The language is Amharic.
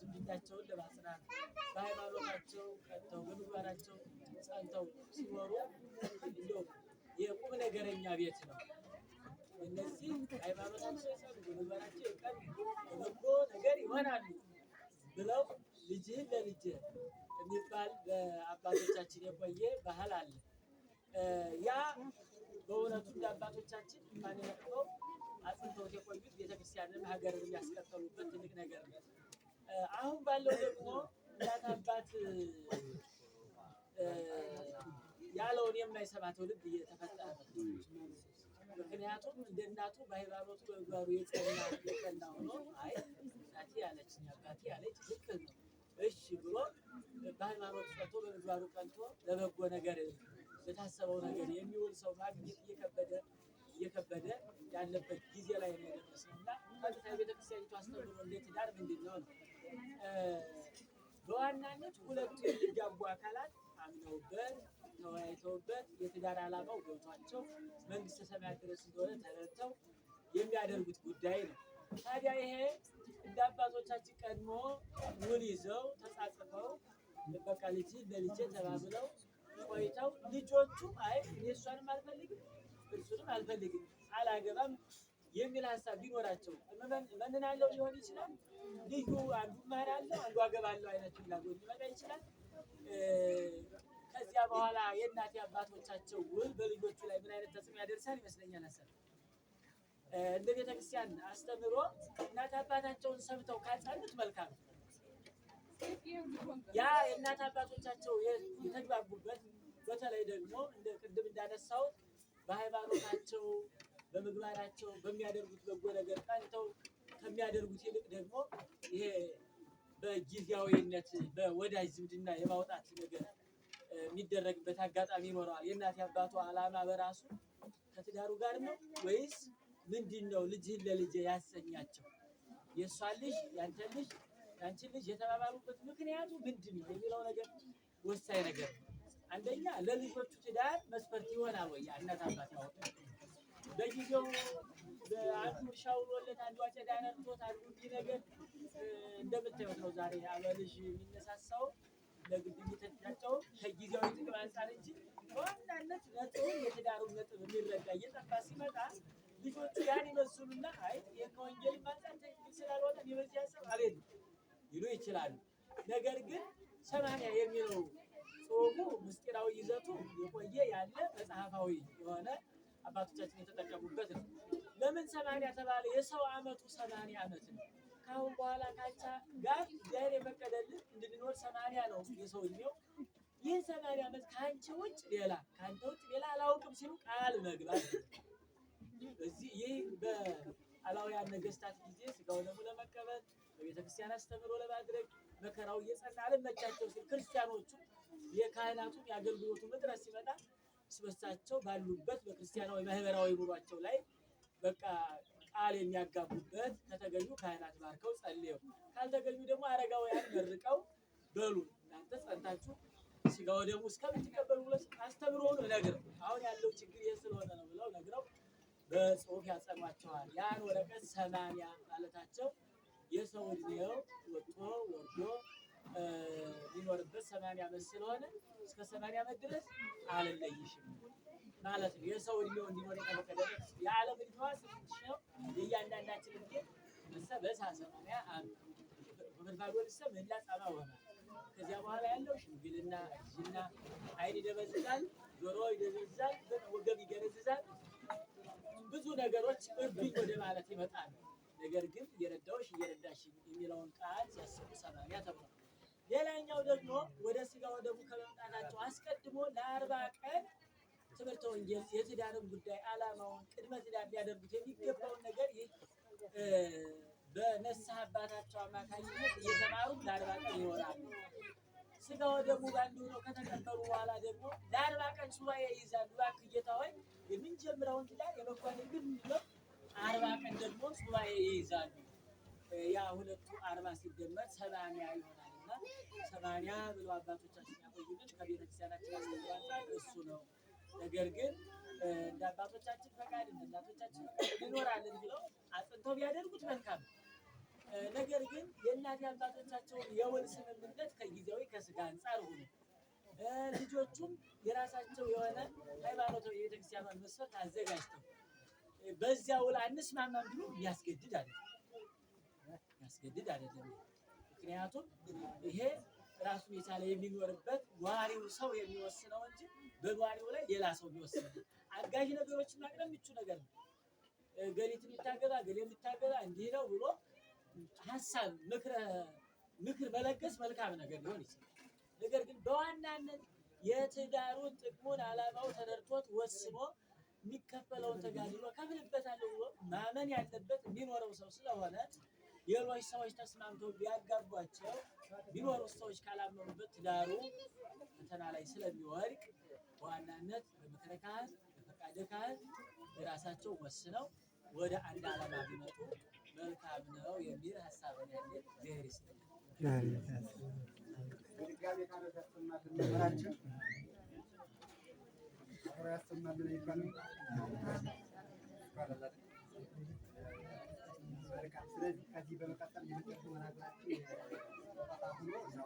ዝምድናቸውን ለማጽናት በሃይማኖታቸው ቀጥተው በምግባራቸው ጸንተው ሲኖሩ የቁም ነገረኛ ቤት ነው። እነዚህ ሃይማኖታቸው የጸኑ በምግባራቸው የቀኑ በበጎ ነገር ይሆናሉ ብለው ልጅህን ለልጅ የሚባል በአባቶቻችን የቆየ ባህል አለ። ያ በእውነቱ እንደ አባቶቻችን ማንነጥበው አጽንተውት የቆዩት ቤተክርስቲያንን ሀገርን የሚያስቀጠሉበት ትልቅ ነገር ነው። አሁን ባለው ደግሞ እናት አባት ያለውን የማይሰማ ትውልድ እየተፈጠረ ምክንያቱም እንደ እናቱ በሃይማኖት በጓሩ የጸና የቀና ሆኖ አይ እናቴ ያለች አባቴ ያለች ልክ ነው እሺ ብሎ በሃይማኖት ጸንቶ በምግባሩ ቀንቶ ለበጎ ነገር የታሰበው ነገር የሚውል ሰው ማግኘት እየከበደ እየከበደ ያለበት ጊዜ ላይ ነው የደረስነው እና ቀጥታ የቤተክርስቲያኒቱ አስተምህሮ እንደ ትዳር ምንድን ነው ነው በዋናነት ሁለቱ የሚጋቡ አካላት አምነውበት ተወያይተውበት የትዳር ዓላማው ገብቷቸው መንግስተ ሰማያት ድረስ እንደሆነ ተረድተው የሚያደርጉት ጉዳይ ነው። ታዲያ ይሄ እንደ አባቶቻችን ቀድሞ ውል ይዘው ተጻጽፈው በቃ ልጅ ለልጄ ተባብለው ቆይተው ልጆቹ አይ እኔ እሷንም አልፈልግም እሱንም አልፈልግም አላገባም የሚል ሀሳብ ቢኖራቸው መንናለው ሊሆን ይችላል። ልዩ አንዱ እማራለሁ አንዱ አገባለሁ አይነት ፍላጎት ሊመጣ ይችላል። ከዚያ በኋላ የእናቴ አባቶቻቸው ውል በልጆቹ ላይ ምን አይነት ተጽዕኖ ያደርሳል ይመስለኛል። አሰብ እንደ ቤተክርስቲያን አስተምሮ እናት አባታቸውን ሰምተው ካጸኑት መልካም ያ የእናት አባቶቻቸው የተግባቡበት በተለይ ደግሞ ቅድም እንዳነሳሁት በሃይማኖታቸው በምግባራቸው በሚያደርጉት በጎ ነገር ቀንተው ከሚያደርጉት ይልቅ ደግሞ ይሄ በጊዜያዊነት በወዳጅ ዝምድና የማውጣት ነገር የሚደረግበት አጋጣሚ ይኖረዋል። የእናት አባቱ ዓላማ በራሱ ከትዳሩ ጋር ነው ወይስ ምንድን ነው? ልጅህን ለልጄ ያሰኛቸው የእሷን ልጅ ያንተን ልጅ ያንቺን ልጅ የተባባሉበት ምክንያቱ ምንድን ነው የሚለው ነገር ወሳኝ ነገር ነው። አንደኛ ለልጆቹ ትዳር መስፈርት ይሆናል ወይ? እናት አባት ያወጡ በጊዜው አንዱ ሻውሮለት አንዱ አጨዳ ነርቶት አንዱ እንዲህ ነገር እንደምታዩት ነው። ዛሬ አበልጅ የሚነሳሳው ለግድኝተቻቸው ከጊዜያዊ ጥቅም አንጻር እንጂ በዋናነት ነጥብ የትዳሩን ነጥብ የሚረዳ እየጠፋ ሲመጣ ልጆቹ ያን ይመስሉና አይ ከወንጀል አንጻር ትክክል ስላልሆነ የበዚህ ሀሳብ አቤት ይሉ ይችላሉ። ነገር ግን ሰማንያ የሚለው ጽሑፉ ምስጢራዊ ይዘቱ የቆየ ያለ መጽሐፋዊ የሆነ አባቶቻችን የተጠቀሙበት ነው። ለምን ሰማንያ ተባለ? የሰው አመቱ ሰማንያ አመት ነው። ከአሁን በኋላ ካቻ ጋር እግዚአብሔር የፈቀደልን እንድንኖር ሰማንያ ነው የሰውየው። ይህን ሰማንያ ዓመት ከአንቺ ውጭ ሌላ ከአንተ ውጭ ሌላ አላውቅም ሲሉ ቃል መግባት እዚህ ይህ በአላውያን ነገስታት ጊዜ ስጋው ደግሞ ለመቀበል በቤተ ክርስቲያን አስተምሮ ለማድረግ መከራው እየጸና አልመቻቸው ሲል ክርስቲያኖቹ የካህናቱም የአገልግሎቱም እጥረት ሲመጣ ስበሳቸው ባሉበት በክርስቲያናዊ ማህበራዊ ኑሯቸው ላይ በቃ ቃል የሚያጋቡበት ከተገኙ ካህናት ባርከው ጸልየው፣ ካልተገኙ ደግሞ አረጋውያን መርቀው በሉ እናንተ ጸንታችሁ ስጋ ወደሙ እስከምትቀበሉ ድረስ አስተምሮ ነው ነግረው አሁን ያለው ችግር ይህ ስለሆነ ነው ብለው ነግረው በጽሁፍ ያጸኗቸዋል። ያን ወረቀት ሰማንያ ማለታቸው የሰው እድሜው ወጥቶ ወርዶ ሊኖርበት ሰማንያ ዓመት ስለሆነ እስከ ሰማንያ ዓመት ድረስ አልለይሽም ማለት ነው። የሰው እድሜው እንዲኖር የተፈቀደለት የዓለም እድሜዋ ስንት ነው? የእያንዳንዳችን እድሜ እስከ በሳ ሰማንያ ዓመት በፍርፋዶል ምህላ ጸባ ሆናል። ከዚያ በኋላ ያለው ሽምግልና፣ እርጅና፣ ዓይን ይደበዝዛል፣ ጆሮ ይደበዝዛል፣ ወገብ ይገረዝዛል፣ ብዙ ነገሮች እብኝ ወደ ማለት ይመጣል። ነገር ግን እየረዳሁሽ እየረዳሽ የሚለውን ቃል ሲያስቡ ሰማንያ ተብሏል። ሌላኛው ደግሞ ወደ ስጋ ወደሙ ከመምጣታቸው አስቀድሞ ለአርባ ቀን ትምህርተ ወንጌል የትዳርን ጉዳይ ዓላማውን ቅድመ ትዳር ሊያደርጉት የሚገባውን ነገር ይህ በነሳ አባታቸው አማካኝነት እየተማሩ ለአርባ ቀን ይሆናሉ። ስጋ ወደሙ ባንድ ሆነው ከተቀበሉ በኋላ ደግሞ ለአርባ ቀን ሱባኤ ይይዛሉ። እባክህ ጌታ ሆይ የምንጀምረውን ትዳር የመኳን ግን አርባ ቀን ደግሞ ሱባኤ ይይዛሉ። ያ ሁለቱ አርባ ሲደመር ሰማንያ ይሆናል እና ሰማንያ ብለው አባቶቻችን ያቆዩልን ከቤተክርስቲያናችን ያስተምራል እሱ ነው። ነገር ግን እንደ አባቶቻችን ፈቃድ እንደ እናቶቻችን ፈቃድ ይኖራልን ብለው አጥንተው ቢያደርጉት መልካም ነገር ግን የእናት አባቶቻቸውን የውል ስምምነት ከጊዜያዊ ከስጋ አንጻር ሆኖ ልጆቹም የራሳቸው የሆነ ሃይማኖታዊ የቤተክርስቲያኗን መስፈርት አዘጋጅተው በዚያ ውል አንስማማም ብሎ ያስገድድ አይደለም፣ ያስገድድ አይደለም። ምክንያቱም ይሄ ራሱን የቻለ የሚኖርበት ነዋሪው ሰው የሚወስነው እንጂ በነዋሪው ላይ ሌላ ሰው የሚወስነው አጋዥ ነገሮችን ማቅረብ ምቹ ነገር ነው። ገሊት የሚታገባ ገሌ የሚታገባ እንዲህ ነው ብሎ ሀሳብ ምክር በለገስ መልካም ነገር ሊሆን ይችላል። ነገር ግን በዋናነት የትዳሩን ጥቅሙን አላማው ተረድቶት ወስኖ የሚከፈለውን ተጋድሎ እከፍልበታለሁ ብሎ ማመን ያለበት የሚኖረው ሰው ስለሆነ ሌሎች ሰዎች ተስማምተው ቢያጋቧቸው ቢኖሩት ሰዎች ካላመኑበት ትዳሩ ፈተና ላይ ስለሚወድቅ በዋናነት በምክረ ካህን በፈቃደ ካህን የራሳቸው ወስነው ወደ አንድ ዓላማ ቢመጡ መልካም ነው የሚል ሀሳብ ነው ያለ። እግዚአብሔር ይስጥልኝ። ያሰማልን ይባላል። ስለዚህ ከዚህ በመቀጠል የመጨረሻ መናገራችን